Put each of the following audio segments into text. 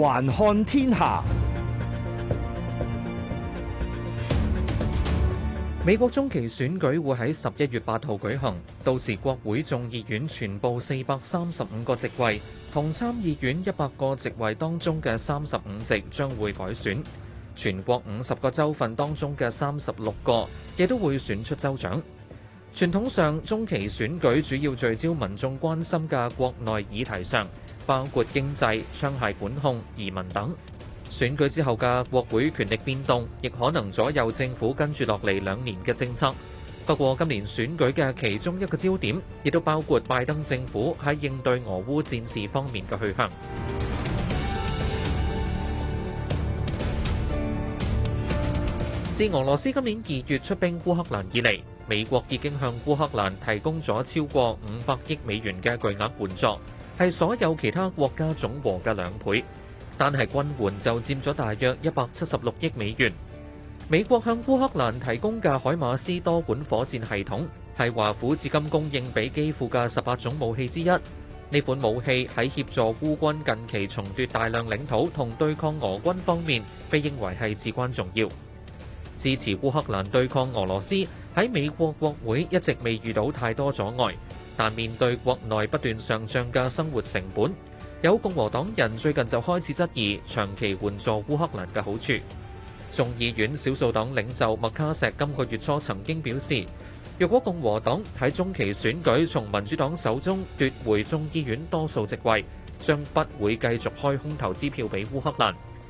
環看天下，美國中期選舉會喺十一月八號舉行，到時國會眾議院全部四百三十五個席位，同參議院一百個席位當中嘅三十五席將會改選，全國五十個州份當中嘅三十六個亦都會選出州長。傳統上，中期選舉主要聚焦民眾關心嘅國內議題上，包括經濟、槍械管控、移民等。選舉之後嘅國會權力變動，亦可能左右政府跟住落嚟兩年嘅政策。不過今年選舉嘅其中一個焦點，亦都包括拜登政府喺應對俄烏戰事方面嘅去向。自俄羅斯今年二月出兵烏克蘭以嚟，美國已經向烏克蘭提供咗超過五百億美元嘅巨額援助，係所有其他國家總和嘅兩倍。單係軍援就佔咗大約一百七十六億美元。美國向烏克蘭提供嘅海馬斯多管火箭系統，係華府至今供應俾基輔嘅十八種武器之一。呢款武器喺協助烏軍近期重奪大量領土同對抗俄軍方面，被認為係至關重要。支持烏克蘭對抗俄羅斯喺美國國會一直未遇到太多阻礙，但面對國內不斷上漲嘅生活成本，有共和黨人最近就開始質疑長期援助烏克蘭嘅好處。眾議院少數黨領袖麥卡錫今個月初曾經表示，若果共和黨喺中期選舉從民主黨手中奪回眾議院多數席位，將不會繼續開空頭支票俾烏克蘭。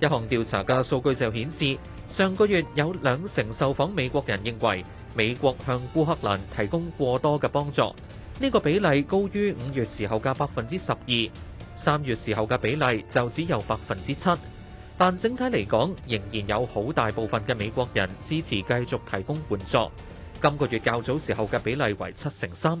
一項調查嘅數據就顯示，上個月有兩成受訪美國人認為美國向烏克蘭提供過多嘅幫助，呢個比例高於五月時候嘅百分之十二，三月時候嘅比例就只有百分之七，但整體嚟講，仍然有好大部分嘅美國人支持繼續提供援助。今個月較早時候嘅比例為七成三。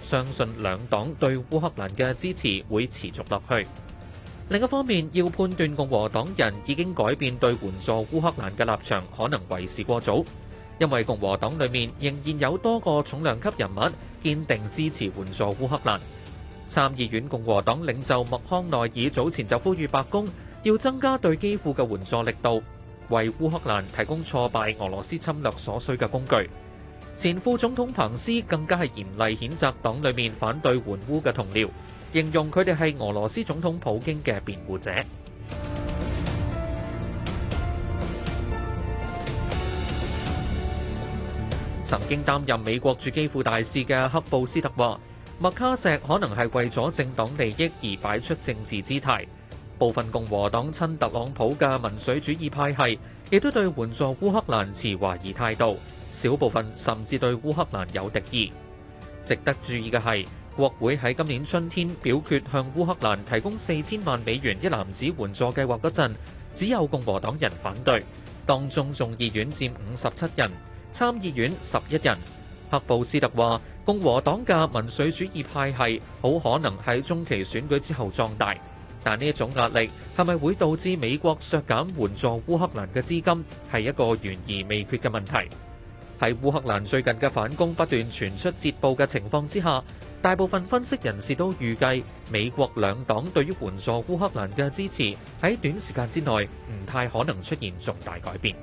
相信兩黨對烏克蘭嘅支持會持續落去。另一方面，要判斷共和黨人已經改變對援助烏克蘭嘅立場，可能為時過早，因為共和黨裏面仍然有多個重量級人物堅定支持援助烏克蘭。參議院共和黨領袖麥康奈爾早前就呼籲白宮要增加對基輔嘅援助力度，為烏克蘭提供挫敗俄羅斯侵略所需嘅工具。前副總統彭斯更加係嚴厲譴責黨裏面反對援烏嘅同僚，形容佢哋係俄羅斯總統普京嘅辯護者。曾經擔任美國駐基輔大使嘅赫布斯特話：麥卡錫可能係為咗政黨利益而擺出政治姿態。部分共和黨親特朗普嘅民粹主義派系，亦都對援助烏克蘭持懷疑態度。少部分甚至對烏克蘭有敵意。值得注意嘅係，國會喺今年春天表決向烏克蘭提供四千萬美元一籃子援助計劃嗰陣，只有共和黨人反對。當中眾議院佔五十七人，參議院十一人。赫布斯特話，共和黨嘅民粹主義派系好可能喺中期選舉之後壯大。但呢一種壓力係咪會導致美國削減援助烏克蘭嘅資金，係一個懸而未決嘅問題。喺烏克蘭最近嘅反攻不斷傳出捷報嘅情況之下，大部分分析人士都預計美國兩黨對於援助烏克蘭嘅支持喺短時間之內唔太可能出現重大改變。